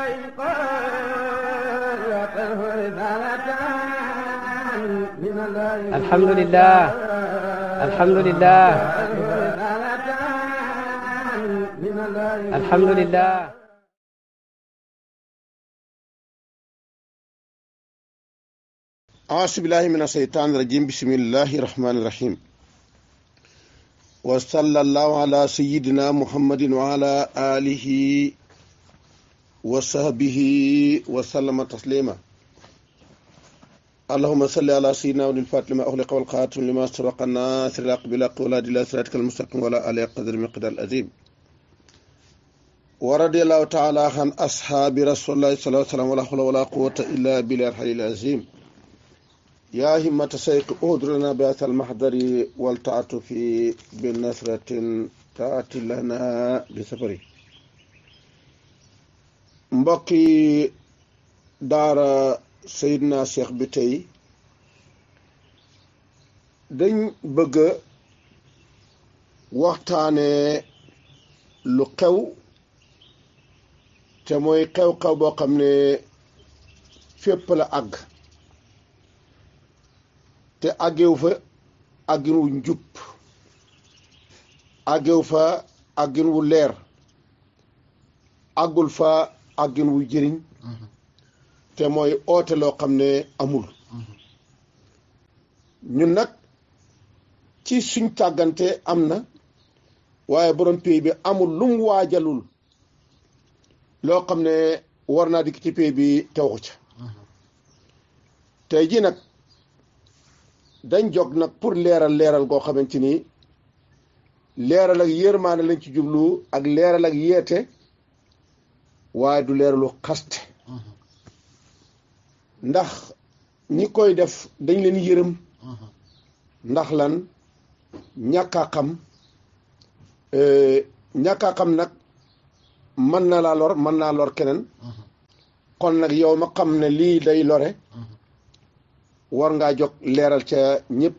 alhamdulilah alhamdulilah alhamdulilah. auusu billaahi mina sheytaani rajiim bismillaahi rahmaani rahiim. wa sallallaahu alaa sayyidinaa Muhammadin wa alaa aalihi. wa sahbihi wa sallama taslima allahuma salli ala sayyidina wa al-fatih lima ughliqa wal khatim lima sabaqa nasir al-haq bil haq wa la ila siratikal mustaqim wa la ala qadri miqdar al-azim wa radiyallahu ta'ala an ashabi rasulillah sallallahu alayhi wa sallam wa la hawla wa la quwwata illa billahi al-aliyyil azim يا همة سيق أدرنا بأس المحضر والتعطف بالنصرة تأتي لنا بسفره mbokki daara na Cheikh bi tey dañ bëgga waxtaane lu xew te mooy xew-xew boo xam ne fépp la àgg te àggew fa àggin wu njub àggew fa àggin wu leer àggul fa àggin wuy jëriñ te mooy oote loo xam ne amul ñun nag ci suñ tàggante am na waaye borom pays bi amul lum waajalul loo xam ne war naa dikk ci pays bi te waxu ca tey ji nag dañ jog nag pour leeral leeral goo xamante ni leeral ak yërmaane lañ ci jublu ak leeral ak yeete waaye du leer lu xaste ndax ñi koy def dañ leen yërëm ndax lan ñàkk a xam euh, ñàkk xam nag mën na laa lor mën naa lor keneen kon nag yow ma xam ne lii day lore war ngaa jóg leeral ca ñëpp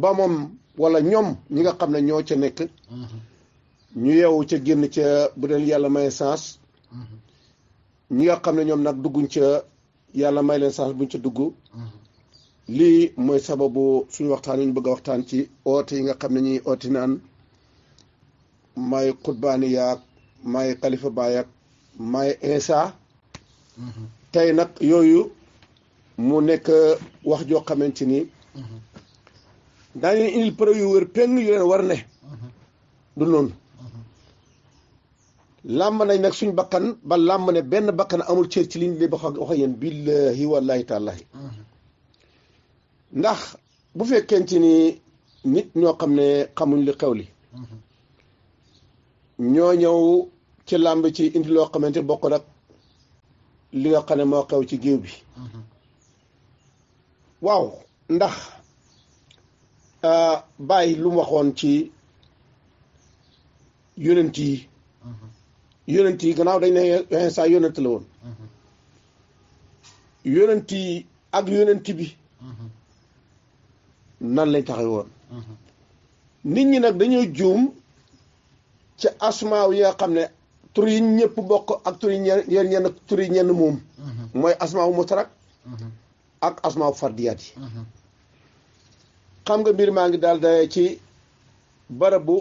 ba moom wala ñoom ñi nga xam ne ñoo ca nekk ñu yeewu ca génn ca bu dee yàlla may sens Mm-hmm. ñi nga xam ne ñoom nag dugguñ ca yàlla may leen sax buñ ca dugg. Mm-hmm. lii mooy sababu suñu waxtaan yi ñu bëgg waxtaan ci oote yi nga xam ne ñuy ooti naan may xutbaani yaag may xalifa baay ak may insa mm-hmm. tey nag yooyu mu nekk wax joo xamante ni. daañu leen indil preuve yu wér peng yu leen war ne. du noonu. làmb nañ nag suñ bakkan ba làmb ne benn bakkan amul cër ci liñ li wax ak wax yéen billahi wallahi ndax bu fekkente ni nit ñoo xam ne xamuñ li xew li ñoo ñëw ci làmb ci indi loo xamante bokk nag li nga xam ne moo xew ci géew bi waaw ndax euh, bàyyi lu mu waxoon ci yonent yi mhm. yonent yi gannaaw dañ ne Iisaa yonent la woon mm-hmm. yonent yi ak yonent bi mm-hmm. nan lañ taxaw woon mm-hmm. nit ñi nag dañoo juum ci asmaaw yi xam ne tur yi ñëpp bokk ak tur yi ñenn ñenn tur yi ñenn moom mooy asmaaw mutarak ak asmaaw yi xam nga mbir maa ngi daal daye ci barabu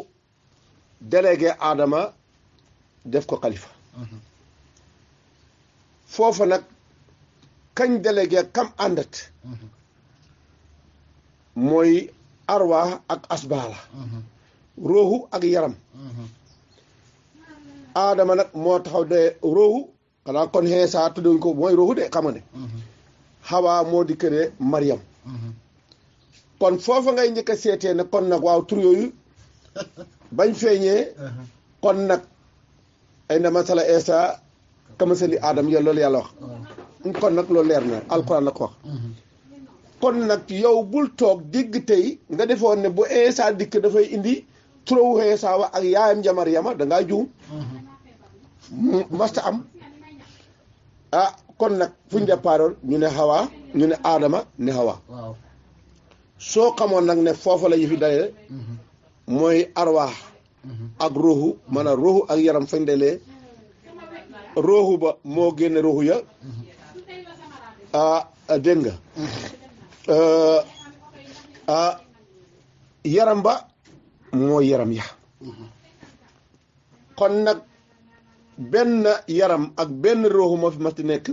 délégué Adama def ko xalifa mhm. foofa nag kañ délégué kam àndat mhm. mooy arwa ak asbaala mhm. roohu ak yaram aadama nag moo taxaw de roohu xanaa kon xeesa tuddewuñ ko mooy roohu de xama ne xawaa moo di këree mariam kon foofa ngay njëkk a seetee ne kon nag waaw tur yooyu bañ feeñee kon nag ay na masala Isa kamasali Adam yow loolu yàlla wax kon nag loolu leer na alxuraan la ko wax mm-hmm. kon nag yow bul toog digg tey nga defoon ne bu Isa dikk dafay indi turawu Isa wa ak yaayam jamar yama dangaa juum mm-hmm. masta am ah kon nag fu ñu départoon ñu ne Hawa ñu ne Adama ne Hawa soo xamoon nag ne foofu la fi dalee mm-hmm. mooy arwaax ak ruuxu maanaam ruuxu ak yaram fañ delee ruuxu ba moo génne ruuxu ya ah dégg nga ah, ah yaram ba moo yaram ya kon nag benn yaram ak benn ruuxu moo fi mas nekk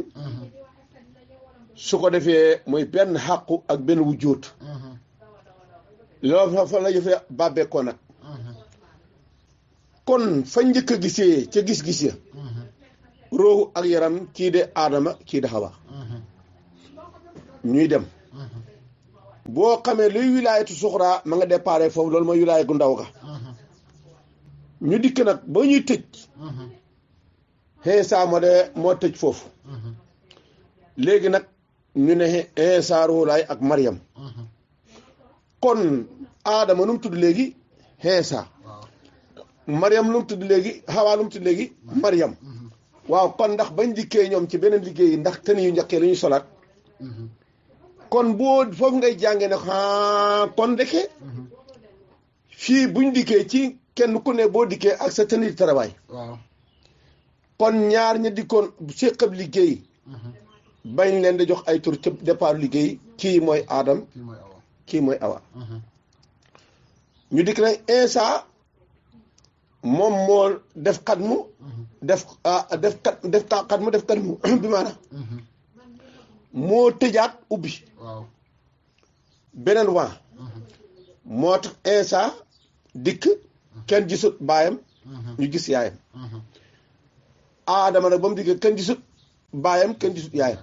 su ko defee mooy benn xàqu ak benn wujjoot mm-hmm. loolu fa la jëfee bàbbeekoo nag kon fa njëkk a gisee ca gis-gis ya roohu ak yaram kii de aadama kii de xawa ñuy dem boo xamee luy wilaayatu suxraa ma nga déparé foofu loolu mooy wilaaya gu ndaw ga ñu dikk nag ba ñuy tëj xeesaa moo de moo tëj foofu léegi nag ñu ne xeesaa ruulaay ak Mariam kon aadama nu tudd léegi xeesaa Mariam lu mu tudd léegi Hawa lu mu tudd léegi Mariam waaw kon ndax bañ dikkee ñoom ci beneen liggéey ndax tën yu njëkkee lañuy solaat kon boo foofu ngay jàngee ne ah kon ndeke fii buñ dikkee ci kenn ku ne boo dikkee ak sa tenue de travail. kon ñaar ña dikkoon séqab liggéey. bañ leen di jox ay tur ci départ liggéey kii mooy Adam kii mooy Awa. ñu dikk ne Insa moom moo def xatmu def def kat def mu def ah, xatmu bi maanaam moo tëjaat ubbi beneen waa moo tax insa dikk kenn gisut baayam ñu gis yaayam aadama nag ba mu dikkee kenn gisut baayam kenn gisut yaayam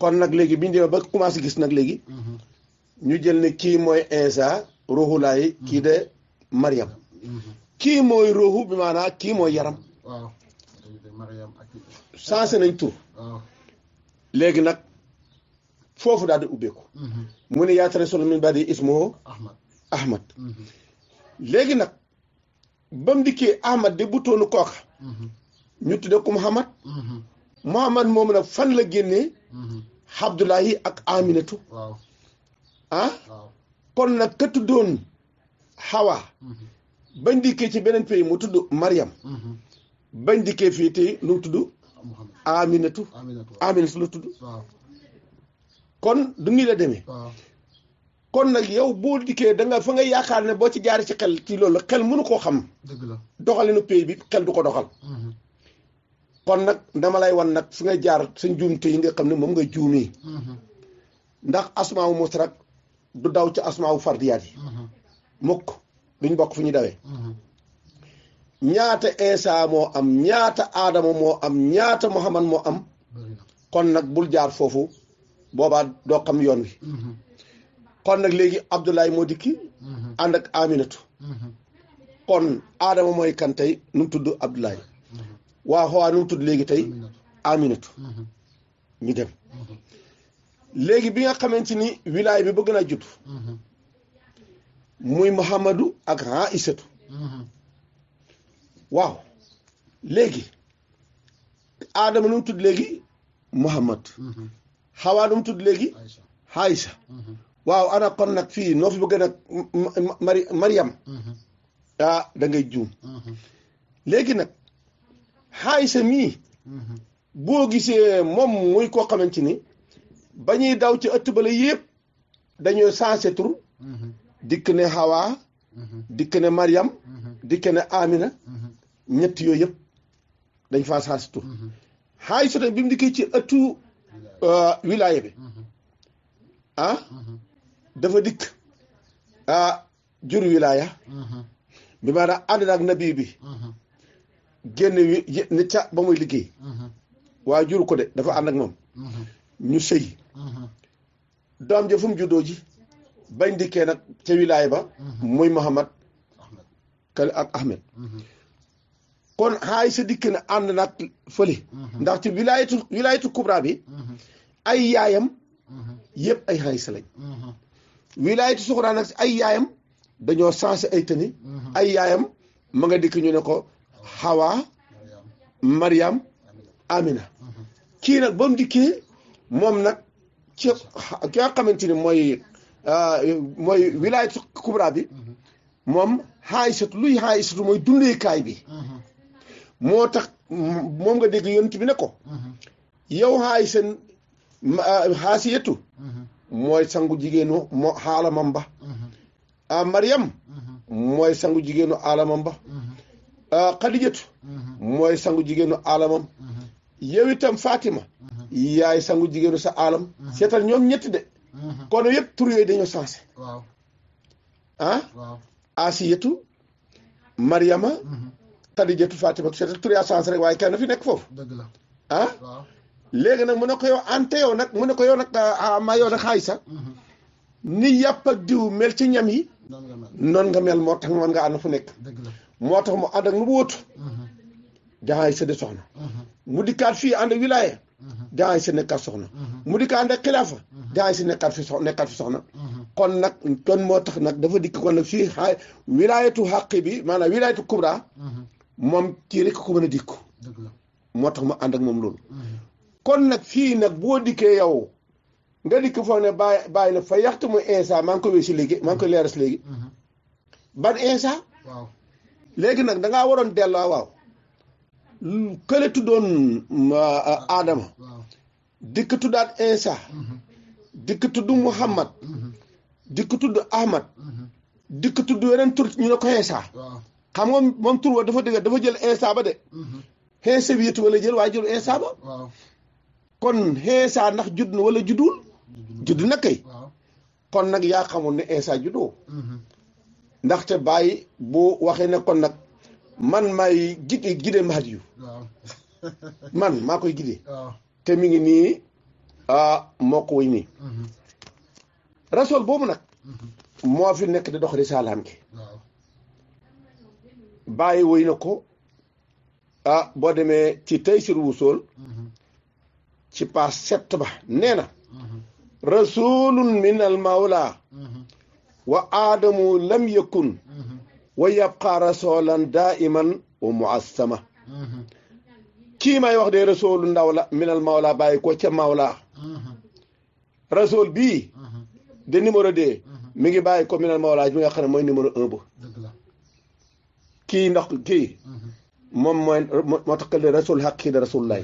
kon nag léegi bi ñu demee ba commencé gis nag léegi ñu jël ne kii mooy insa ruhulaay kii de mariyam mm-hmm. kii mooy ruuxu bi maanaam kii mooy yaram. waaw. sensé nañ léegi nag foofu daal di ubbeeku. Mhm. mu ne yaa tare solo min baadi ismoo. Ahmad mhm. léegi nag bam mu dikkee Ahmad di butoonu kooka. Mhm. ñu ko Muhammad. Muhammad moom nag fan la génnee. Abdullahi ak Aminatu. ah kon nag ka tuddoon Hawa. bañ dikkee ci beneen pays mu tudd Mariam. bañ dikkee fii tey lu mu tudd. Aminatu Aminatu la tudd. kon du nii la demee. kon nag yow boo dikkee da nga fa nga yaakaar ne boo ci jaaree ci xel ci loolu xel mënu koo xam. dëgg la doxalinu pays bi xel du ko doxal. Mm-hmm. kon nag dama lay wan nag fi nga jaar sa njuumte yi nga xam ne moom nga juumee. Mm-hmm. ndax asmaawu mustarak du daw ci asmaawu fardiyaat yi. Mm-hmm. mukk duñ bokk fu ñuy dawee mm-hmm. ñaata Isa moo am ñaata Adama moo am ñaata Muhammad moo am kon nag bul jaar foofu boobaa doo xam yoon wi mm-hmm. kon nag léegi Abdoulaye moo dikki mm-hmm. ànd ak Aminatu kon Adama mooy kan tey nu tudd Abdoulaye waa xawaa nu tudd léegi tey Aminatu ñu dem léegi bi nga xamante ni wilaay bi bëgg naa judd muy Muhammadu ak Aïsatu mhm. waaw léegi aadama nu mu tudd léegi Muhammad xawaa mhm. nu mu tudd léegi Aïsa mhm. waaw ana kon nag fii noo fi bëgg nag mari Mariam ah juum léegi nag Aïsa mii boo gisee moom muy koo xamante ni ba ñuy daw ci ëtt bale yëpp dañoo sensé tur dikk ne Hawa. Mm-hmm. dikk ne Mariam. Mm-hmm. dikk ne Amina. Mm-hmm. ñett yooyu yëpp dañ faa saa si tur. xaay sota bi ci ëttu euh, wilaya bi. ah. dafa dikk ah na ak nabi wi ni ba muy liggéey. waa jur ko de dafa ànd ak moom. ñu sëy. doom ja fu mu juddoo ji. bañ dikkee nag ca wilaay ba mhm. muy Muhammad Ahmed mhm. kon xaay sa dikk na ànd nag fële mhm. ndax ci wilaayatu wilaayatu kubra bi ay yaayam yëpp ay xaay sa wilaayatu suxraa nag ay yaayam dañoo sensé ay tëni ay yaayam ma nga ñu ne ko Hawa Mariam Amina kii nag ba mu moom nag ci ki nga xamante ni mooy Euh, mooy wilaayatu kubra bi mhm. moom xaayisatu luy xaayisatu mooy dundeekaay bi mhm. moo tax moom nga dégg yonent bi ne ko mhm. yow xaayisa euh, xaasiyatu mooy sangu jigéenu mo xaalamam ba a euh, Mariam mooy sangu jigéenu alamam ba Xadijatu mooy sangu jigéenu alamam yow itam Fatima yaay sangu jigéenu sa alam seetal ñoom ñetti kon yëpp tur yooyu dañoo sensé. waaw ah. waaw asiyatu mariama xadijatu mhm. fatima c'est tur yaa sensé rek waaye kenn fi nekk foofu. dëgg la ah. léegi nag mu ne ko yow ante yow nag mu ne ko yow nag ah, ah, ma yow nag xaay sax mhm. ni yàpp diw mel ci ñam yi. noonu nga mel moo tax mën nga na fu nekk. moo tax mu ànd ak nu mu wóotu. Mhm. jaxaay sa de soxna. mu dikkaat fii ànd ak wilaya. daa mhm. si nekkat soxna mhm. mu di ko ànd ak xilaafa daa mhm. si nekkat fi nekkat fi soxna kon nag kon moo tax nag dafa dikk kon nag fii a wilaayatu bi maanaam wilaayatu kubra moom kii rek ko mën a dikk moo tax mu ànd ak moom loolu kon nag fii nag boo dikkee yow nga dikk foog ne bàyyi bàyyi na fa yaxtu mu insa maa ngi ko wéy si léegi maa ngi koy leeral si léegi ban insa léegi nag dangaa waroon delloo waaw kële tuddoon aadama dikk tuddaat insa mhm. dikk tudd muhammad mhm. dikk tudd ahmad mhm. dikk tudd weneen tur ñu ne ko insa xam moom tur wa dafa dëgg dafa jël insa ba de insa bi yëtu wala jël waaye jël insa ba kon insa ndax judd na wala juddul judd na kay kon nag yaa xamoon ne insa juddoo ndaxte bàyyi bu waxee ne kon nag man maay gide gide Mahadiyu man maa koy gide te mi ngi nii moo ko woy mhm. boobu nag mhm. moo fi nekk di dox risaalaam gi bàyyi woy ko ah boo demee ci Taysir Wusool mhm. ci pas sept ba nee na rasulun min al mawla wa aadamu lam yakun wa yabqa rasulan daiman wa muassama kii may wax de rasulu ndaw la minal mawla bàyyi ko ca mawla rasul bii de numéro deux mi ngi bàyyi ko minal mawla bi nga xam ne mooy numéro un bu kii ndax kii moom mooy moo tax de rasul xaq kii de rasul lay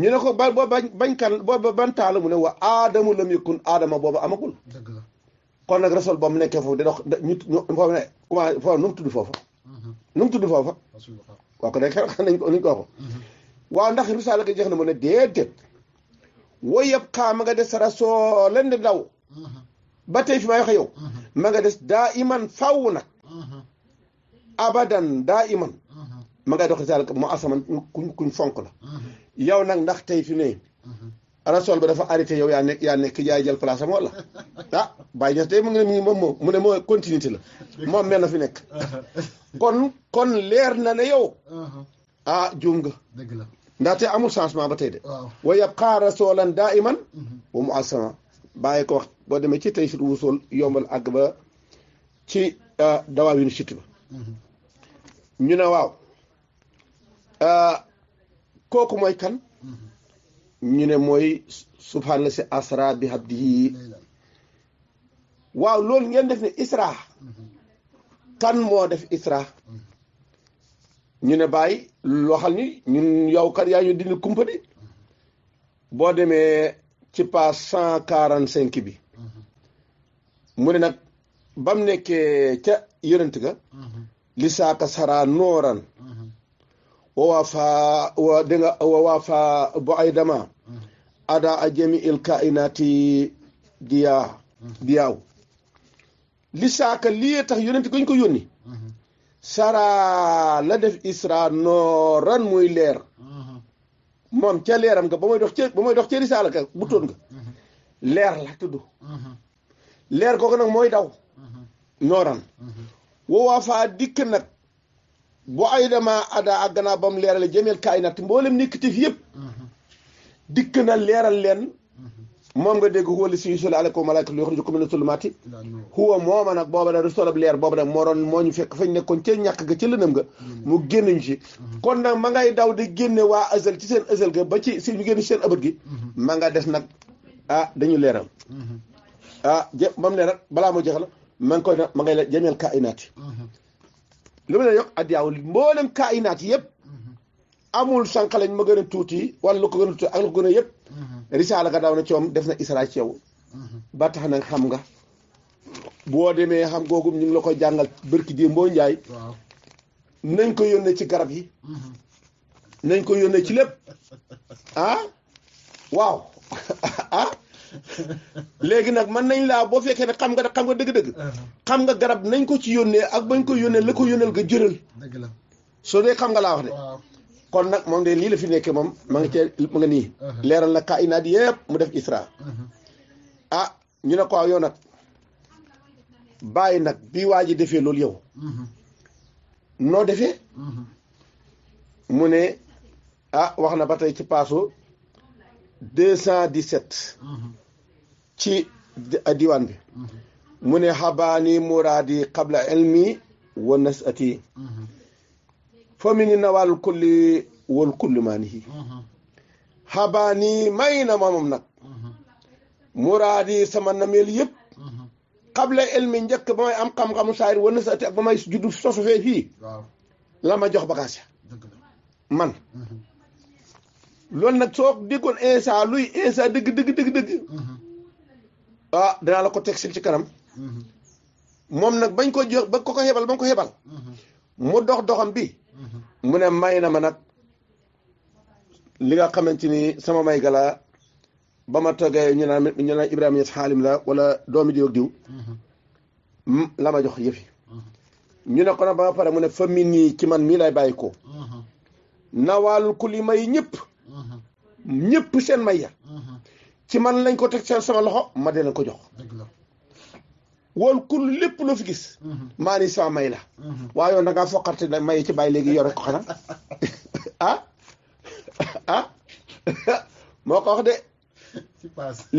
ñu ne ko ba boo bañ bañ kan booba ban taala mu ne wa aadamu lam yakun aadama booba amagul kon nag rasul ba mu nekkee foofu di dox ñu foofu ne comment tudd foofa nu mu tudd foofa mm-hmm. waaw ko nekk xam nañ ko nuñ ko mm-hmm. waaw ndax risaala ga jeex na mu ne déedéet wooyu yëpp xaa ma nga des rasoo leen di daw mm-hmm. ba tey fi may waxe yow ma des daa iman faw nag abadan daa iman ma ngay dox risaala kuñ fonk la yow nag ndax tey fi ne rasol ba dafa arrêté yow yaa nekk yaa nekk yaay jël place am wala ah Baye Niass tey mu ngi ne mi moom moom mu ne moo continuité la moom mel na fi nekk kon kon leer na ne yow uh-huh. ah juum nga dëgg la ndaxte amul changement ba tey de wa yabqa rasulan daiman uh-huh. wa muassama bàyyi ko wax boo demee ci tey sut wusool yombal àgg ba ci ah, dawaa wi nu sitti ba uh-huh. ñu ne waaw ah, kooku mooy kan ñu ne mooy subhaana si asra bi abdihi waaw loolu ngeen def ne isra kan moo def isra ñu ne bàyyi loo xam ni ñun yow kat yaa ñu dindi kumpa di boo demee ci page cent quarante cinq bi mu ne nag bam nekkee ca yërënt ga li saaka sara nooran wa waa fa ay dama adaa jamiil kainaati diyaa diyaaw li saaka lii tax yonent gañ ko yónni sara la def isra nooran muy leer moom ca leeram nga ba mooy dox ca ba mooy dox ca risaala leer la tudd leer googu nag mooy daw nooran woowaa faa dikk nag bu ay dama ada ak gannaaw bam leerale jëmeel kaay nat mboolem nekkatif yëpp dikk na leeral leen moom nga dégg huwa li si yusalla aleykum malaaka lu yuxrijukum mina zulumaati huwa mooma nag booba nag resolab leer booba nag moo doon ñu fekk fañ nekkoon ca ñàkk ga ca lënam ga mu génn ñu ci kon nag ma ngay daw di génne waa azal ci seen azal ga ba ci si ñu génn seen abët gi ma nga des nag ah dañu leeral ah moom ne nag balaa moo jeexal ma ngi koy nag ma ngay la jameel kainaat lu mu ne yokk addiyaaw mboolem kainaat yi yëpp amul sànq lañ ma gën a tuuti wala la ko gën a tuuti ak lu ko gën a yëpp. Mhm. risaala ga daaw na coom def na isra ci yow. Mhm. ba tax na xam nga. boo demee xam googu ñu la koy jàngal barki di mboo njaay. nañ ko yónnee ci garab yi. Mhm. nañ ko yónnee ci lépp ah? waaw ah léegi nag mën nañ laa boo fekkee ne xam nga xam nga dëgg xam nga garab nañ ko ci yónnee ak bañ ko yónnee la ko yónneel nga jëral. dëgg la soo dee xam nga laa wax de. kon nag moom de lii la fi nekke moom ma nga cee ma nga nii uh-huh. leeral na kainaat yëpp mu def isra uh-huh. a ah, ñu ne ko yow nag bàyyi nag bi waa ji defee loolu yow uh-huh. noo defee mu ne a ah, wax na ba tey ci paaso deux cent dix-sept ci diwaan bi mu ne xabaani muraadi qabla ilmi wa nasati فمن نوال الكل والكل مانه xabaani may na ma moom nag muraadi sama nameel yëpp xable elmi njëkk ba may am xam-xamu saayir wana sa ak ba may juddu sosu fee fii la ma jox bagage man loolu nag soo déggoon insa luy insa dëgg dëgg dëgg dëgg ah danaa la ko tegsil ci kanam moom nag bañ koo jox ba ko ko xebal ba ko xebal mu dox doxam bi mu ne may na ma nag li nga xamante ni sama may gala ba ma toggee ñu naan ñu naan Ibrahima la wala doomi diw ak diw mm-hmm. la ma jox yëfi mm-hmm. ñu ne ko nag ba pare mu ne fa nii ci man mii lay bàyyi ko mm-hmm. nawaalul ku li may ñëpp ñëpp seen may ya ci man lañ ko teg seen sama loxo ma dee leen ko jox wal kull lépp loo fi gis mhm. maa ni sama may la mhm. waaye yoon da ngaa foqarte may ci bàyyi léegi yore ko xanaa ah ah moo ko wax de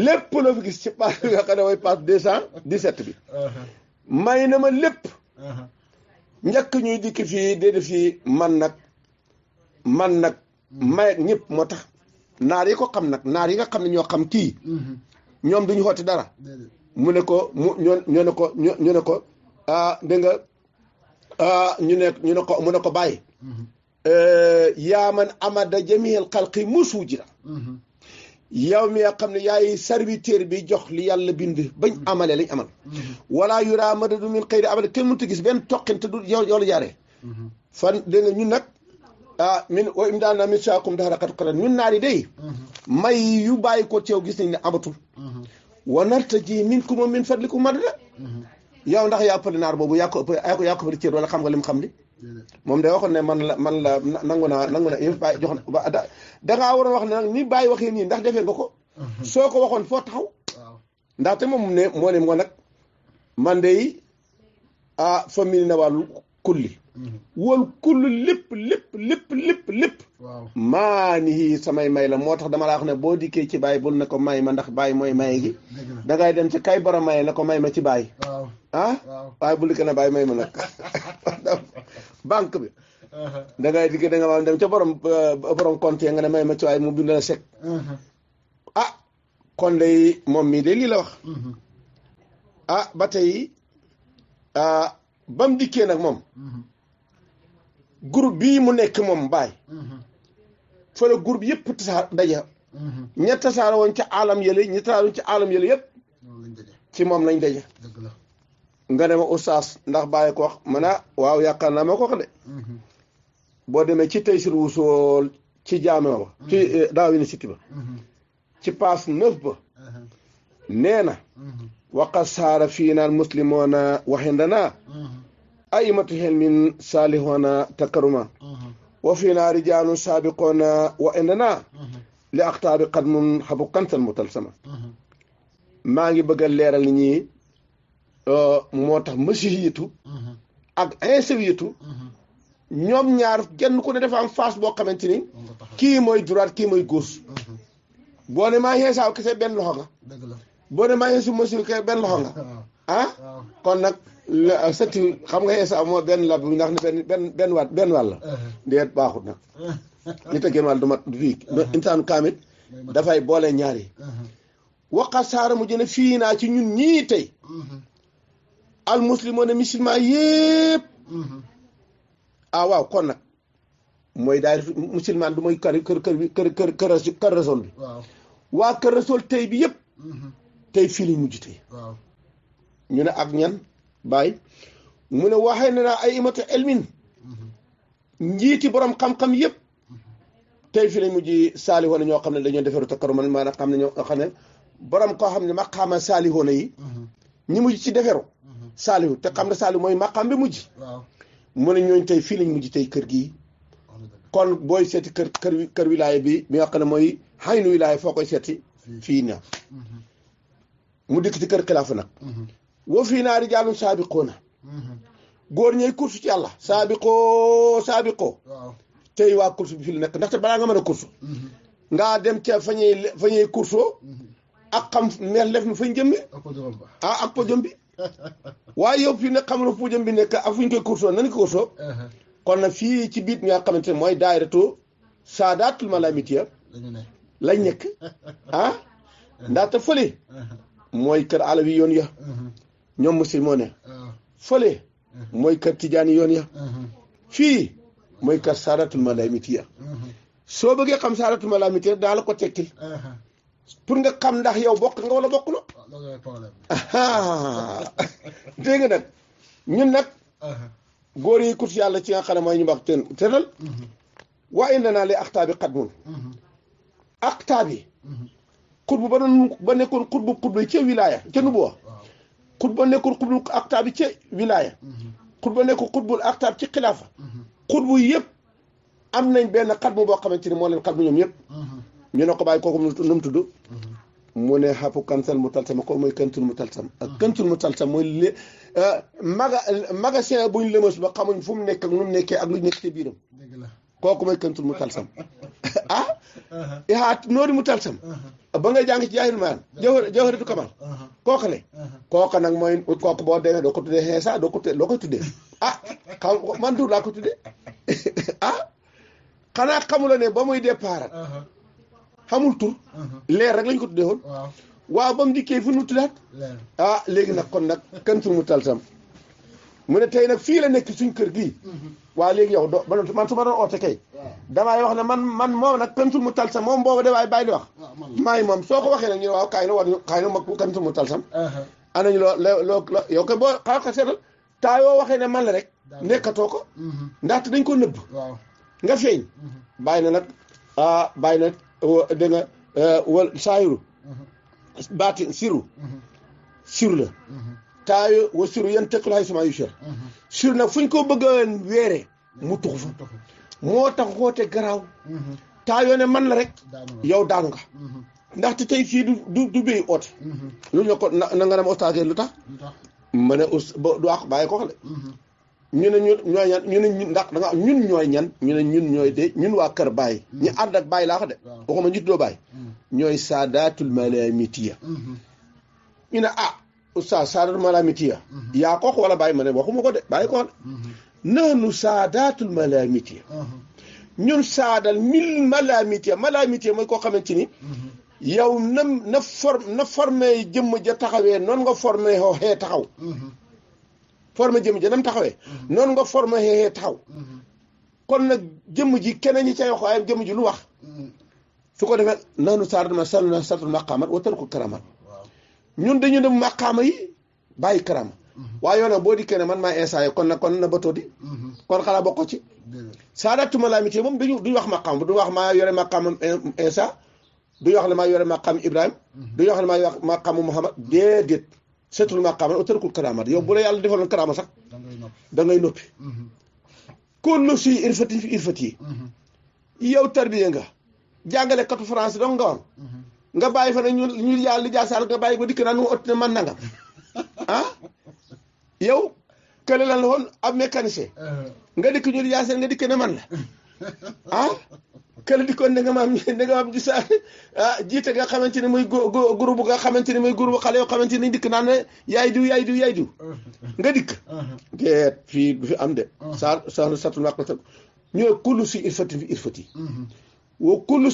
lépp la fi gis ci paas bi nga xam ne mooy paas deux cent bi uh-huh. may na ma lépp uh-huh. njëkk ñuy dikk fii déedéet fii man nag man nag mm-hmm. may ak ñëpp moo tax naar yi ko xam nag naar yi nga xam ne ñoo xam kii mm-hmm. ñoom duñu xotti dara mu ne ko mu ñoo ñoo ne ko ñu ne ko ah dégg nga ah, ñu ne ñu ne ko mu ne ko bàyyi. Mm-hmm. Eh, yaa man amada jamihil xalqi musu ji la. Mm-hmm. yow mi nga xam ne yaay serviteur bi jox li yàlla bind bañ mm-hmm. amalee lañ amal. wala yura madadu min xëyri amale kenn mun a gis benn toqin te du yow yow la jaaree. fan dégg nga ñun nag. ah min wa im daan naa min saakum daxara ñun naar yi day. may yu bàyyi ko teew gis nañ ne amatul. wa nartaji minkum min fadlikum madada mhm. yow ndax yaa ëppale naar boobu yaa ko ëpp yaa ko ëppale cër wala xam nga lim xam li moom day waxoon ne man la man la nangu naa nangu na yëf bàyyi jox na da dangaa waroon wax ne nag ni bàyyi waxee nii ndax defee nga ko mhm. soo ko waxoon foo taxaw ndaxte moom ne moo ne moo nag man day ah famille na wàllu kulli Mm-hmm. wal kullu lépp lépp lépp lépp lépp maa nihi samay may la moo tax dama laa wax ne boo dikkee ci bàyyi bul ne ko may ma ndax bàyyi mooy maye gi da ngay dem ci kay borom maye ne ko may ma ci bàyyi ah waaye bul may ma nag banque bi uh-huh. dangay digg dikkee da nga maam dem ca borom uh, borom compte nga ne may ma ci waaye mu bind la chèque uh-huh. ah kon day moom mii de lii la wax mm-hmm. ah ba tey ah, bam dikkee nag moom mm-hmm. groupe bii mu nekk moom baay fa la groupe yëpp tasaar daje mhm. ña tasaar woon ca alam yële ña tasaar woon ca alam yële yëpp ci moom lañ daje nga ne ma oustaz ndax bàyyi ko wax ma ne waaw yaakaar naa ma ko de mhm. boo demee ci tey Wusool ci jaama ba mhm. ci eh, Daawin City ba ci paas neuf ba nee na waqa saara fii naan muslimoona waxindana aimatu helmin salihona takaruma wa fina rijalun sabiqona wa indana li axtaabi xadmun xabu kantan mu tal sama maa ngi bëgg a leeral nit ñi euh, moo tax masihiyitu ak insawiyitu ñoom ñaar genn ku ne dafa am boo xamante ni kii mooy droite kii mooy gauche boo ne maa xeesaaw kese benn loxo nga boo ne maa xeesu masiw kese benn loxo nga ah? ah kon nag la euh, sëtti xam nga Isa moo benn lab benn benn benn waat benn wàll la. Uh-huh. déet baaxut nag. nit ak genn wàll du fii. Uh-huh. insaanu kaamil dafay boole ñaar uh-huh. mu fii naa ci ñun ñii tey. al muslimoon musulmaan yëpp. Ah, mooy daay musulmaan du kër kër kër bi. waa kër rasool tey bi yëpp. tey fii lañ mujj tey. ñu ne ak ñan. bàyyi mu ne waxee na naa ay imata elmin njiiti borom xam-xam yëpp tey fi lañ mujj saalihoona ñoo xam ne dañoo deferu takkaruman maanaam xam ne ñoo xam ne borom koo xam ne maqaama saalihoona yi ñi mujj ci deferu saalihu te xam ne saalihu mooy maqaam bi mujj mu ne ñooñ tey fii lañ mujj tey kër gi kon booy seeti kër kër kër wilaaya bi bi nga xam ne mooy xaynu wilaaya foo koy seeti fii na mhm. mu dikk ci kër xilaafa nag mhm. wa fii naa rijaalun saabiquuna góor ñay kursu ci yàlla saabiqoo saabiqoo tey waa kursu bi fi lu nekk ndaxte balaa nga mën a kursu mm-hmm. ngaa dem ca fa ñuy fa kursoo mm-hmm. ak xam neex lef mi fañ jëmmi ah ak podium bi waaye yow fii nag xam na bi nekk ak fu koy kursoo nañu ko kursoo uh-huh. kon nag fii ci biit nga xamante ne mooy daayiratu saadaatul malamitiya lañ nekk ah ndaxte fële uh-huh. mooy kër alawi yoon ya uh-huh. ñoom musulmoo ne ah. fële ah. mooy kër tijaani yoon ya ah. fii mooy kër saaratul malamitiya soo bëggee xam saaratul malamitiya daa la ko tekkil pour nga xam ndax yow bokk nga wala bokk lo dégg nga nag ñun nag góor yi kut yàlla ci nga xam ne mooy ñu wax ten tëral mm-hmm. waa indi naa lay aktaabi xat mun mm-hmm. aktaabi xutbu mm-hmm. ba ba nekkoon xutbu xutbu ca wilaaya ca nubuwa xutba nekkul xutbul aktaabi ci wilaaya xutba nekkul xutbul aktaab ci kilaafa xutbu yëpp am nañ benn xatmu boo xamante ni moo leen xatmu ñoom yëpp ñu ne ko bàyyi kooku nu mu tudd mu ne xapu kantal mu talsam ko mooy kantul mu talsam ak kantul mu talsam mooy lé euh, maga magasin buñ lëmas ba xamuñ fu mu nekk ak nu mu nekkee ak lu nekk ci biiram kooku mooy kantul mu talsam ah uh-huh. ihaat noori mu talsam uh-huh. ba ngay jàng ci jaahirul maal jawharatu kamal kooka le kooka nag mooy kooka boo demee doo ko tuddee xeesa doo ko tuddee loo koy ah xam man du laa ko tuddee ah xanaa xamula ne ba muy départ xamul tur leer rek lañ ko tuddee woon waaw ba mu dikkee fu nu tuddaat ah léegi nag kon nag kan tur mu talsam mu ne tey nag fii la nekk suñ kër gi mhm. waa léegi yow do man su ma doon oote kay damay wax ne man man moom nag kantul mu talsam moom boobu de waaye bàyyi di wax ah, maay moom soo ko waxee nag ñu ne waaw kaay na war kaay na uh-huh. loo loo loo yow kay boo xaaral ko seetal taa yoo waxee ne man la rek nekkatoo ko mm-hmm. ndaxte dañ ko nëbb nga feeñ mm-hmm. bàyyi na nag a bàyyi na da nga uh, wal saayiru mm-hmm. baati siru siru la taayo wa sur yan tëq laay sama yu sur mhm. sur nag fu ñu ko bëgg a weeree mu tux fa moo tax xoote garaaw mhm. taayoo ne man la rek yow daanu nga mhm. ndaxte tey fii du du du béy oote lu ñu na nga dem ostaage lu tax ma ne us ba du wax bàyyi ko ñu ne ñun ñooy ñan ñu ñun ndax da nga ñun ñooy ñan ñu ne ñun de ñun waa kër Baye ñu ànd ak Baye laa wax de waxuma ñu tuddoo Baye ñooy saadaatul malamitiya ñu ne ah oustaz saadatul malamitiya mhm. yaa ko wax wala bàyyi waxuma ko de bàyyi ko wax de mhm. nahnu saadatul malamitiya mhm. ñun saadal mil malamitiya malamitiya mooy koo xamante ni yow na na for na formé jëmm ja taxawee noonu nga formé xooxee taxaw formé jëmm ja nam taxawee noonu nga formé taxaw kon nag jëmm ji keneen ñi cay wax waaye jëmm lu wax su ko defee nahnu saadatul maqamat wa tarku karamat ñun dañu dem maqaama yi bàyyi karaama mhm. waaye yow boo dikkee ne man maa instant kon nag kon na ba di mhm. kon xanaa bokko ci saadaatuma lamité moom duñu duñu wax maqaama duñu wax maa yore maqaamam instant duñu wax ne maa yore maqaam Ibrahima mhm. duñu wax ne maa yore maqaamu Muhammad déedéet seetul maqaama au tërkul karaama yow bu la yàlla defaloon karaama sax da ngay noppi kon lu suy irfati fi irfati yi yow tarbiya nga jàngale katu France dong nga woon nga bàyyi fa ñu ñu yàlla li jaasaal nga bàyyi ba dikk naan nga ot na man nangam ah yow kële lan la woon ab mécanicien eh. nga dikk ñu li jaasaal nga dikk ne man la ah kële dikkoon ne nga maam ne nga maam gis ah jiite nga xamante ne muy groupe nga xamante ne muy groupe xale yoo xamante ne dikk naan yaay diw yaay diw yaay diw eh. nga dikk eh. fi am de saa saa satul maq ñoo kullu si irfati fi irfati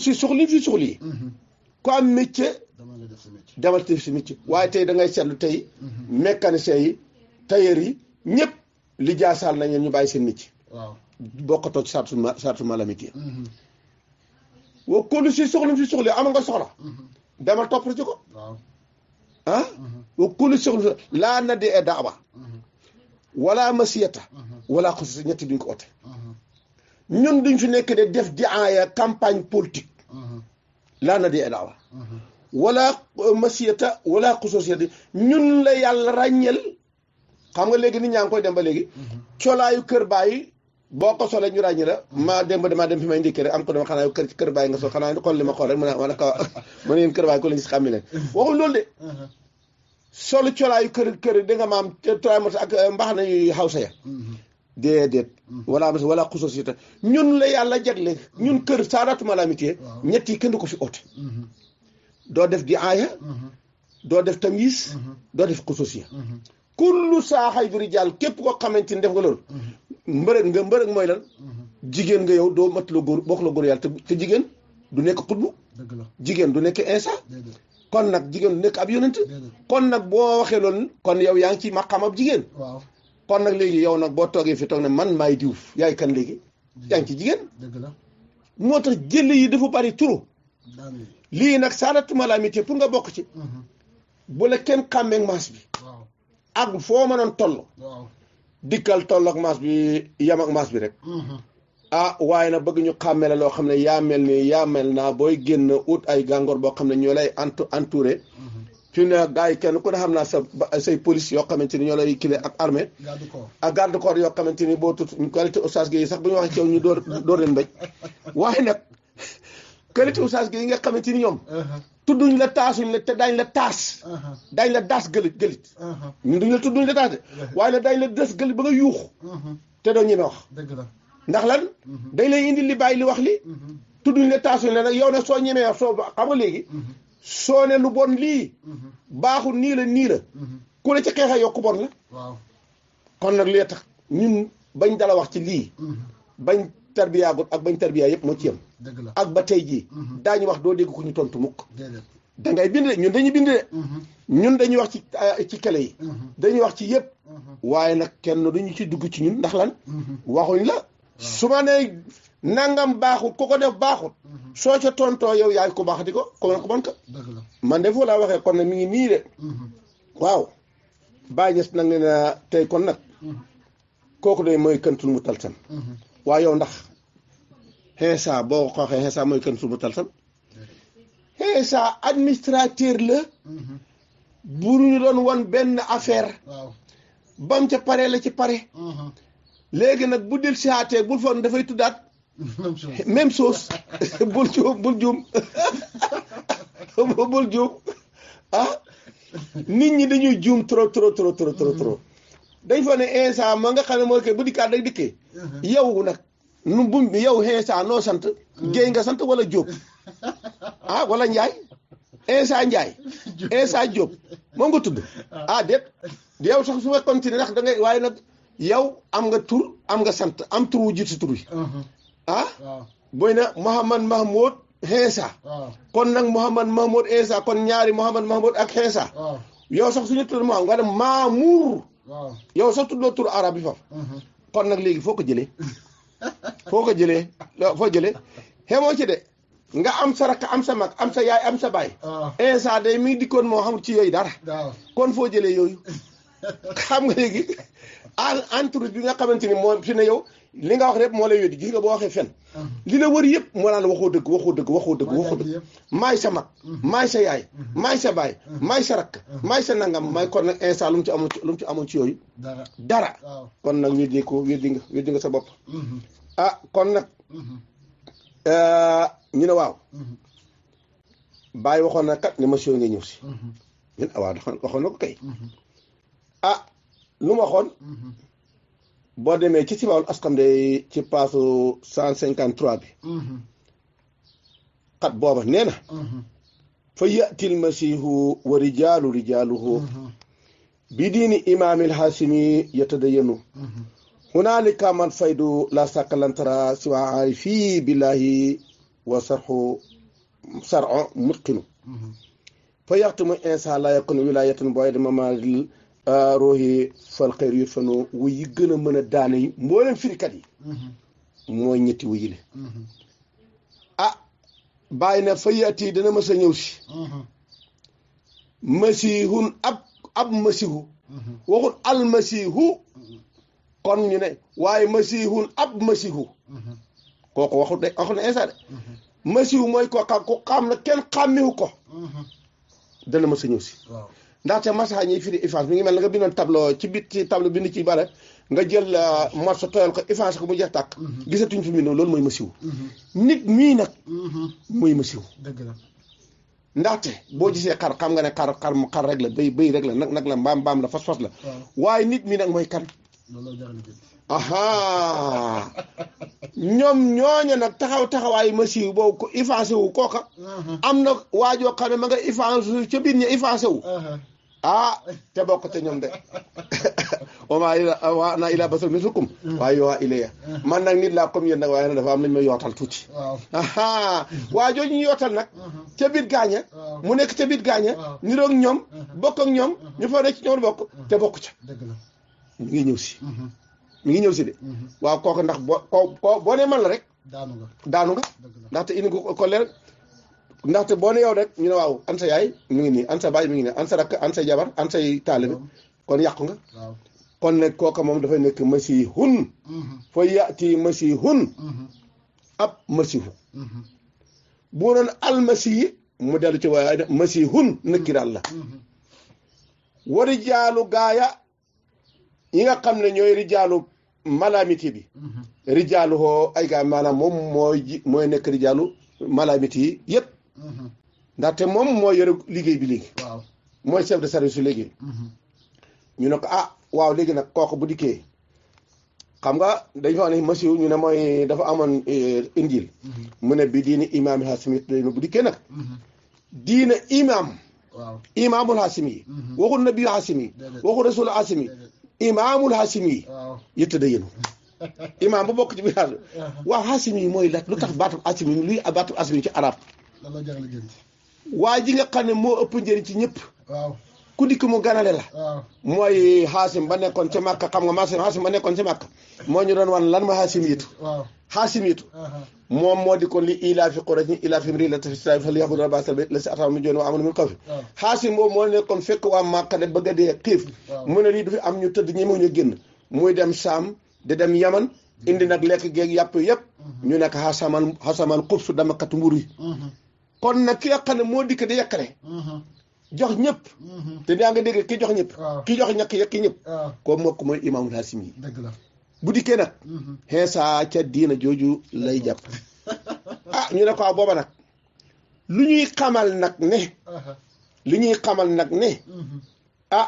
si suxli fi suxli mm-hmm. ko am métier demal def si métier waaye tey da ngay seetlu tey mécanicien yi tailleur yi ñëpp li jaasaal nañ ñu bàyyi seen métier. bokkatoo ci sartu ma sartu ma la métier. si soxla si soxla am nga soxla. Mhm. demal toppatoo ci ko. Ah? Mhm. wa ah. waaw kon si soxla laa na dee daawa. Mhm. wala masiyata. wala xusus ñetti duñ ko ote. ñun duñ fi nekk de def di aaya campagne politique. laa nadia daawa wala masiyata wala xusoosiyata ñun la yàlla ràññeel xam nga léegi nit ñaa ngi koy dem ba léegi colaayu kër bàyyi boo ko solee ñu ràññi la ma dem ba damaa dem fi may ndikki rek am ko dama xanaa kër kër nga sol xanaa xool li ma xool rek mën a mën a kaw mën yéen kër bàyyi ko la gis xam ne leen waxul loolu de solu colaayu kër kër da nga maam tramote ak eh, mbax na yu xawsa ya déedéet. Mm. wala am wala xusuus ñun la yàlla jagle mm. ñun kër saadaatu malamité ñett ñetti kenn du ko fi oote. Mm-hmm. doo def di aaya. Mm-hmm. doo def tamyiis. Mm-hmm. doo def xusuus ya. kullu saaxay bi rijaal képp koo xamante ni def nga lool mbërëg nga mbërëg mooy la jigéen nga yow doo mat la góor bokk la góor yàlla te jigéen du nekk xutbu. jigéen du nekk insa kon nag jigéen du nekk ab yonent kon nag boo waxee loolu kon yow yaa ngi ci maqam ab jigéen. kon nag léegi yow nag boo toogee fi toog ne man maay diw yaay kan léegi. yaa ngi ci jigéen. moo tax jël yi dafa bari turu. lii nag saadatuma la amitié pour nga bokk ci. Mhm. bu la kenn xàmmeeg maas bi. ak foo mënoon toll. dikkal toll ak maas bi yam maas bi rek. Mhm. ah waaye nag bëgg ñu xàmme la loo xam ne yaa mel ni yaa mel naa booy génn ut ay gàngoor boo xam ne ñoo lay entouré. Mhm. fi ne gars yi kenn ku ne xam naa sa say police yoo xamante ni ñoo lay kile ak armée ak garde corps yoo xamante ni boo tut qualité oustaz ñu waxee ci ñu door door leen mbéj waaye nag qualité oustaz gi yi nga xamante ni ñoom uh-huh. tudduñ la taasuñ la te daañ la taas uh-huh. daañ la daas gëlit gëlit uh-huh. ñu duñ la tudduñ la taas de waaye nag daañ la des gëlit ba nga yuux te doo ñeme wax ndax lan dañ la indi li bàyyi li wax li tudduñ la taasuñ la nag yow nag soo ñemee wax soo xam nga léegi soo ne lu bon lii mhm. baaxul nii la nii la mhm. ku la ci xeexa yokk bon la waaw kon nag lee tax ñun bañ dala wax ci lii mhm. bañ tarbiyaagul ak bañ tarbiyaa yëpp moo ci yem ak ba tey jii daañu wax doo dégg ku ñu tontu mukk dangay bind de ñun dañuy bind de ñun dañuy wax ci ah, ci kele yi dañuy wax ci yëpp waaye nag kenn duñu ci dugg ci ñun ndax lan waxuñ la su ma nee nangam baaxut ku ko def baaxut mhm. soo ca tontoo yow yaay ko di ko ko ko bon ka man de foo laa waxee kon ne mi ngi nii de mhm. waaw bàyyi ñes nag na tey kon nag mhm. kooku de mooy kantul mu talsan waa yow ndax xeesa boo ko waxee xeesa mooy kantul mu talsan xeesa administrateur la bu ñu doon won benn affaire bam ca pare la ci pare léegi nag bu dil si aatee bul foon dafay tuddaat même chose bul juum bul juum bul juum ah, nit ñi dañuy juum trop trop trop trop trop mhm. trop dañ fa ne instant ma nga xam ne mooy kay bu dikkaat day dikkee mhm. yow nag nu bu yow instant noo sant mhm. géey nga sant wala jóob ah wala njaay instant njaay instant jóob moom nga tudd ah. ah déet yow sax su nga continuer ndax da waaye nag yow am nga tur am nga sant am tur wu jiitu tur wi Ah? ah boy na Mouhamad Mahmoud Xeesa ah. kon nag Mouhamad Mahmoud Xeesa kon ñaari Mouhamad Mahmoud ak Xeesa ah. yow sax suñu tudd Mouhamad nga dem Maamour yow sax tuddoo tur arab yi faf mhm. kon nag léegi foo ko jëlee foo ko jëlee foo jëlee xemoo ci de nga am sa rakk am sa mag am sa yaay am sa baay Xeesa de mi di kon moo xam ci yooyu dara kon foo jëlee yooyu xam nga léegi entre bi nga xamante ni moom fi ne yow li nga wax rek moo lay weddi gis nga boo waxee fen li na wër yëpp moo naan waxoo dëgg waxoo dëgg waxoo dëgg waxoo dëgg maay sa mag maay sa yaay maay sa baay maay sa rakk maay sa nangam may kon nag instant lu mu ci amoon lu ci amoon ci yooyu dara kon nag weddi ko weddi nga weddi sa bopp ah, kon nag euh, ñu waxoon na kat ne monsieur nga ñëw si ah lu ma waxoon boo demee ci sibaawul askan day ci paasu cent cinquante trois bi mhm. xat booba nee na mhm. fa yaatil wa rijaalu rijaaluhu mhm. bi diini imaamil hasimi yatadayanu hunaalika man faydu la sàkkalantara siwa aarifi billahi wa sarxu sarxu mutqinu fa yaxtumu insa la yakunu wilayatan booy dama maadil ruux fal xeer yu fanoo wuy yi gën a mën a daane yi mboolem firikat yi mhm. mooy ñetti wuy yile mhm. ah bàyyi na fa yati dana mas a ñëw si mhm. masihun ab ab masihu waxul almasihu kon ñu ne waaye masihun ab masihu kooku waxu de waxu na insa de masihu mooy ko xam ku xam na kenn xàmmiwu ko dana mas a si ndaxte masaxa ñiy firi efface mi ngi mel na nga bindoon tableau ci bit ci tableau bind ci bare nga jël euh, morceau tooyal ko effacé ko mu jeex tàkk mhm. gisatuñ fi mu ne loolu mooy ma siw mhm. nit mii nag mhm. mooy ma siw dëgg la ndaxte boo gisee xar xam nga ne xar xar xar rek la béy béy rek la nag nag la mbaam mbaam la fas fas la waaye nit mi nag mooy kan aha ñoom ñooñu nag taxaw taxawaay ma siiw ko effacé wu kooka am na waajoo xam ne ma nga effacé wu ca biir ña wu Ah, te bokk te ñoom de wama wa ana ila basar mislukum mm. waaye yowa ilaya mm. man nag nit laa comme yéen nag waaye nag dafa am lañu ma yootal tuuti aa waa jooju ñu yootal nag mm-hmm. ca biir gaaña mu nekk ca biir gaaña niroog ñoom mm-hmm. bokk ak ñoom mm-hmm. ñu fa ci ñoom bokk te bokk ca mi ngi ñëw si mi ngi ñëw si de waaw kooku ndax boo ko boo ne man rek daanu nga daanu nga ndaxte ko leer ndaxte boo ne yow rek ñu ne waaw an sa yaay mi ngi nii an sa baay mi ngi nii an sa rakk an say jabar an say taalibe kon yàqu nga kon nag kooka moom dafay nekk masihun mm-hmm. fa yaati masihun mm-hmm. ab masihu mm-hmm. bu doon almasihi mu dellu ci waaye masihun nëkkiral la wa rijaalu gaaya yi nga xam ne ñooy rijaalu malamiti bi rijaalu hoo ay gaay maanaam moom mooy mooy nekk rijaalu malamiti yi yëpp Mm-hmm. ndaxte moom moo yore liggéey bi léegi. waaw mooy chef de service léegi. Mm-hmm. ñu ne ko ah waaw léegi nag kooku bu dikkee xam nga dañu fa ne masiw ñu ne mooy dafa amoon eh, injil. Mm-hmm. mu ne bi diine imaam yi xaasimi bu dikkee nag. diine imaam. waaw imaamul xaasimi. waxul nabi xaasimi. waxul rasul imaamul xaasimi. waaw yitte da yéen. imaam bu bokk ci biir uh-huh. waaw xaasimi mooy laaj lu tax baatu xaasimi luy baatu xaasimi ci arab. lan la jagle waa ji nga xam ne moo ëpp njëriñ ci ñëpp. waaw ku dikk mu gana la. waaw mooy xaasim ba nekkoon ca Màkka xam nga masin xaasim nekkoon ca Màkka. moo ñu doon wan lan ma xaasim yitu. waaw moom moo di ko li ilaafi Quraysh ni ilaafi mri la tafi sra falyabudu a dee xiif. mu ne lii du fi am ñu tëdd ñemewuñu génn. muy dem Saam di dem Yaman. indi nag lekk geeg yàpp yëpp. Uhuh. ñu nekk xasaman xasaman xubsu damakatu mburu yi uhuh. kon nag ki nga ne moo dikk di yàqale mm-hmm. jox ñëpp mm-hmm. te daa nga dégg ki jox ñëpp ah. ki jox ñàkk yàq ñëpp ah. ko mokk mooy imaamul hasim yi bu dikkee nag xeesaa mm-hmm. ca diina jooju lay jàpp ah ñu ne ko ah booba nag lu ñuy xamal nag ne uh-huh. lu ñuy xamal nag ne a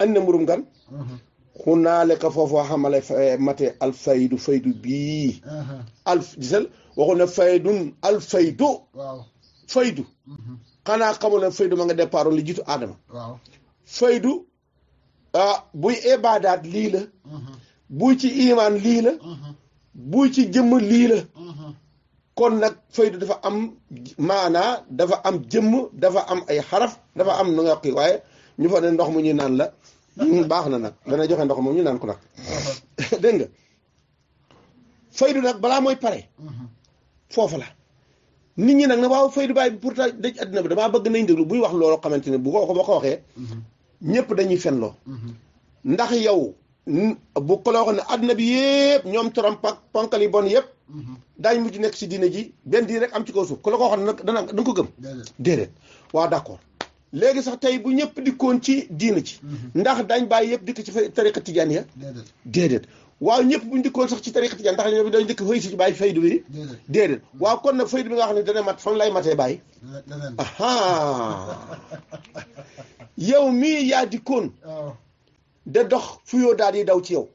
an na murum gan xunaale ka foofu xamale eh, mate alfaydu faydu bii uh-huh. alf gisal waxu na faydun alfaydu faydu xanaa xamoon na faydu ma nga départoon li jiitu aadama waaw faydu ah buy ibaadaat lii la buy ci imaan lii la buy ci jëmm lii la kon nag faydu dafa am maanaa dafa am jëmm dafa am ay xaraf dafa am nu nga kii waaye ñu fa ne ndox mu ñuy naan la hmm, baax na nag dana joxe ndox moom ñu naan ku nag dégg nga faydu nag balaa mooy pare hmm. foofu la nit ñi nag na waaw Fayda pour pourtant daj addina bi damaa bëgg nañ déglu buy wax loolu xamante ne bu ko boo ko waxee mhm. ñëpp dañuy fenloo mhm. ndax yow bu ko loo xam ne addina bi yëpp ñoom Trump ak ponkal yi bon yëpp mhm. daañu mujj nekk si diine ji benn diine rek am ci kaw suuf ku la ko xam ne nag dana da ko gëm déedéet waa d'accord léegi sax tey bu ñëpp dikkoon ci diina ci ndax daañ bàyyi yëpp dikk ci fa tariqa tijaan ya déedéet waaw ñëpp bu ñu sax ci tariqa tijaan ndax ñoom dañu dikk fay si bàyyi faydu bi déedéet waaw kon nag faydu bi nga xam ne dana mat fan lay matee bàyyi yow mii yaa dikkoon da dox fu daal di daw ci yow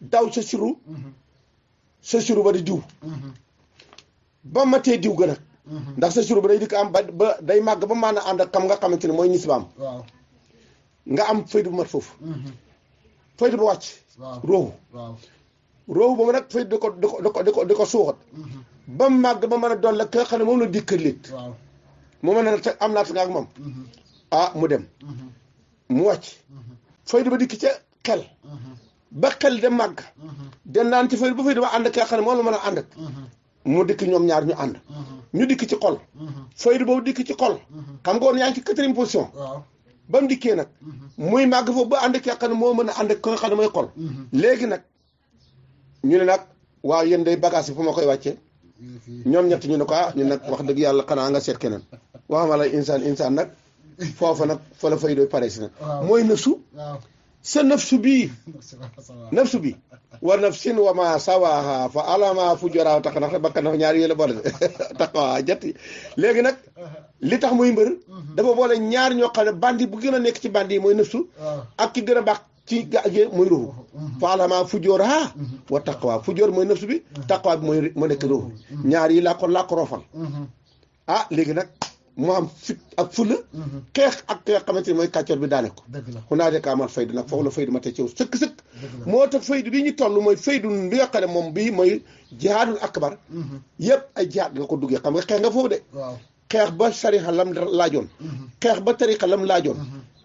daw sa siru mhm. sa siru ba di diw mhm. ba matee diw ga nag mhm. ndax sa siru ba day dikk am ba day màgg ba maana ànd ak kam nga xamante ne mooy nisbaam nga am faydu bu mat foofu faydu ba wàcc ruuxu ruuxu boobu nag fay di ko di ko di di ko suuxat mhm. ba mu màgg ba man a doon la ka xam ne moom la dikkalit mu mën a am naata nga ak moom mhm. ah mu dem mhm. mu wàcc fayda ba dikk ca xel ba xel de màgg de naan ci fayda ba fayda ba ànd ka xam ne moom la mën a ànd ak mu dikk ñoom ñaar ñu ànd ñu dikk ci xol fayda boobu dikk ci xol xam nga woon yaa ngi ci quatrième position ba mu dikkee nag. Mm-hmm. muy màgg foofu ba ànd ak moo mën a ànd ak ko nga xam mooy xol. Mm-hmm. léegi nag ñu ne nag waaw yéen day bagage yi fu ma koy wàccee. ñoom ñetti ñu ne ko ah ñu nag wax dëgg yàlla xanaa nga seet keneen. waxuma la insaan insaan nag foofa nag fa la fay doy pare si nag. mooy nësu. sa nafsu bii nafsu bi wa nafsin wa ma sawaha fa alama fu joraaw tax ndax bakkan dafa ñaari yële boole taxawa jatti léegi nag li tax muy mbër mhm. dafa boole ñaar ñoo xam ne bandi bu gën a nekk ci bandi yi mooy nafsu ah. ak ki gën a baax ci gàgge mooy ruuxu mhm. fa alama fu jooraa mhm. wa taqwa fu joor mooy nafsu bi taqwa bi mooy moo nekk ruuxu ñaar yi laa ko laa ko roofal ah, léegi nag mu am fit ak fulla mhm. xeex ak ki nga xamante ni mooy kàccoor bi daane ko xunaa de kaamal faydu nag foofu la faydu ma te ciw sëkk-sëkk ñu toll mooy faydu bi nga xam ne moom bii mooy jihaadul akbar mhm. yëpp ay jihaad ko duggee xam nga xeex nga foofu de xeex ba sarixa lam laajoon mhm. xeex ba tarixa lam laajoon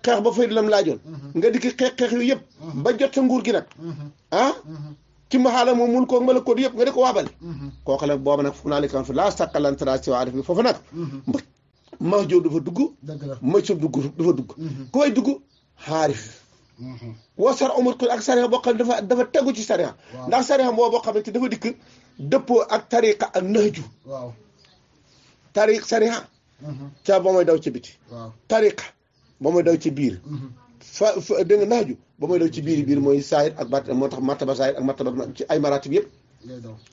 xeex ba faydu lam laajoon nga dikki xeex-xeex yu yëpp ba jot sa nguur gi nag ah ci maxaala moom mun koo mala kood yëpp nga ko waabale kooku nag booba nag fu naa likan fi laa sàkkalantra si waa nag mahjoo dafa dugg majsum dugg dafa dugg mhm. ku fay dugg xaarif mhm. wa sar umar qul ak sariha boo xam ne dafa dafa tegu ci sariha ndax sariha moo boo xamante dafa dikk dëppoo ak tariqa ak nahju waaw tariq sariha mhm. ca ba mooy daw ci biti tariqa ba mooy daw ci biir fa dégg nga nahju ba mooy daw ci biir biir mooy saayir ak moo tax martaba saayir ak martaba ci ay maratib yëpp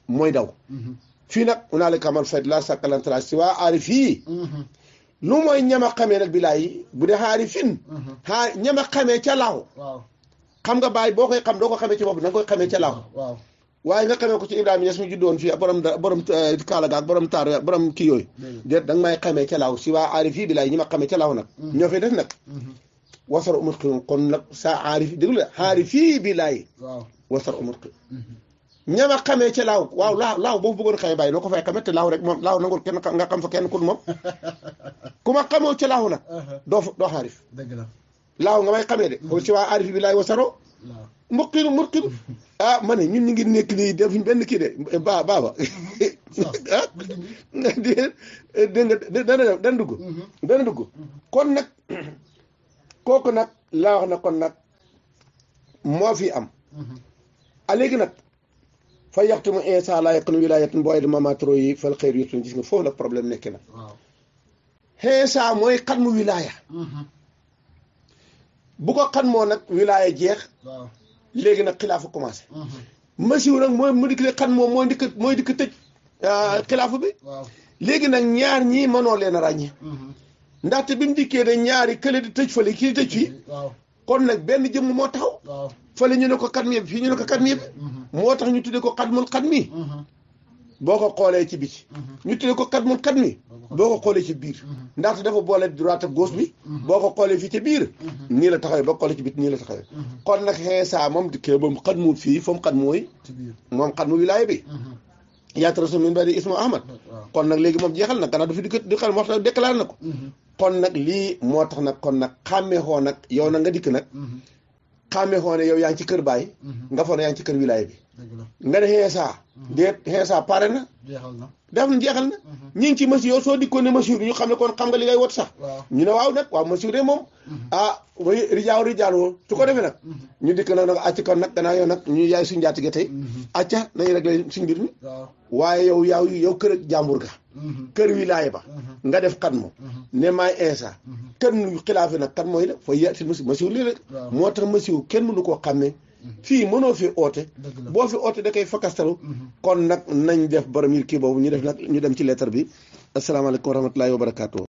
mooy daw fii nag unaalika man fayd la sàkkalantra si waa nu mooy ñam a xamee nag bilaay bu de xaari fin xaar mhm. ñam a xamee ca nga baay boo koy xam doo ko xamee ci bopp na nga koy xamee ca law waaye nga xamee ko ci Ibrahima Ñas mu juddoon fii borom borom eh, kaalagaak borom a borom kii yooyu déet da nga may xamee ca law si waa a yi bilaay ñi ma xamee ca law nag mhm. ñoo fay def nag mhm. wasar umut kon nag saa aarif déglu la aarif yi bilaay wasar umut ñama xamee ci laaw waaw laaw laaw boo bëggoon xamee bàyyi loo ko fay xamee te laaw rek moom laaw nangul kenn nga xam fa kenn kun moom ku ma xamoo ci laaw nag uh-huh. doo doo xaarif laaw nga may xamee de o ci waa aarif bi wo wasaro murqinu murqinu ah ma ne ñun ñu ngi nekk nii defuñ benn kii de ba baaba ah dana dana dana dugg uh-huh. uh-huh. kon nag kooku nag laa wax na kon nag moo fi am a ah, léegi nag fa yaxtu mu insa laa yaqin wilaayatan boo ay dama matro yi fal xëyr yutun gis nga foofu la problème nekk na. waaw mooy xat mu wilaaya. Mhm. bu ko xat moo nag wilaaya jeex. léegi nag xilaafu commencé. Mhm. masiw nag mooy mu dikk xat moom mooy dikk mooy dikk tëj ah, xilaafu bi. waaw léegi nag ñaar ñii mënoo leen a mhm. ndaxte bi mu dikkee ne ñaari kële di tëj fële kii tëj fii. kon nag benn jëmm moo taxaw. waaw fële ñu ne ko xat mi fii ñu ne ko xat mi mm-hmm. moo tax ñu tuddee ko xat mun xat mi boo ko xoolee ci biir ñu tuddee ko xat mun xat mi boo ko xoolee ci biir ndaxte dafa boole droite ak gauche bi mm-hmm. boo ko xoolee fii ci biir mm-hmm. nii la taxawee boo ko ci biti nii la taxawee kon nag xeesaa moom dikkee moom xat mu fii foofu xat mooy moom xat mu wilaay bi yaatara su min bari ismu ahmad kon nag léegi moom jeexal na gannaaw fi di ko di xel wax déclaré na ko kon nag lii moo tax nag kon nag xàmmeexoo nag yow nag nga dikk nag xàmmeexoo ne yow yaa ngi ci kër baay mhm. nga foog ne ci kër wilaay bi nga ne xeesaa mhm. déet xeesaa pare na def na jeexal na mhm. ñi ngi ci monsieur soo dikkoon ne bi ñu xam ne kon xam nga li ngay wot sax ñu ne waaw nag waaw monsieur de moom ah way rijaaw su ko defee nag ñu dikk nag nag kon nag gannaaw yow nag ñu yaay suñu njaatige tey acca nañu rek la suñ mbir mi waaye yow yaaw yow kër ak ga Mm-hmm. kër wi wilaaya ba mm-hmm. nga def xat mu mm-hmm. ne maay insa kenn xilaafi nag kan mooy la fa yati masiw masiw lii la moo tax masiw kenn mënu koo xàmmee fii mënoo fi oote boo fi oote da koy fakastalu kon nag nañ def borom yi kii boobu ñu def nag ñu dem ci lettre bi asalaamaaleykum wa rahmatullahi wa barakaatu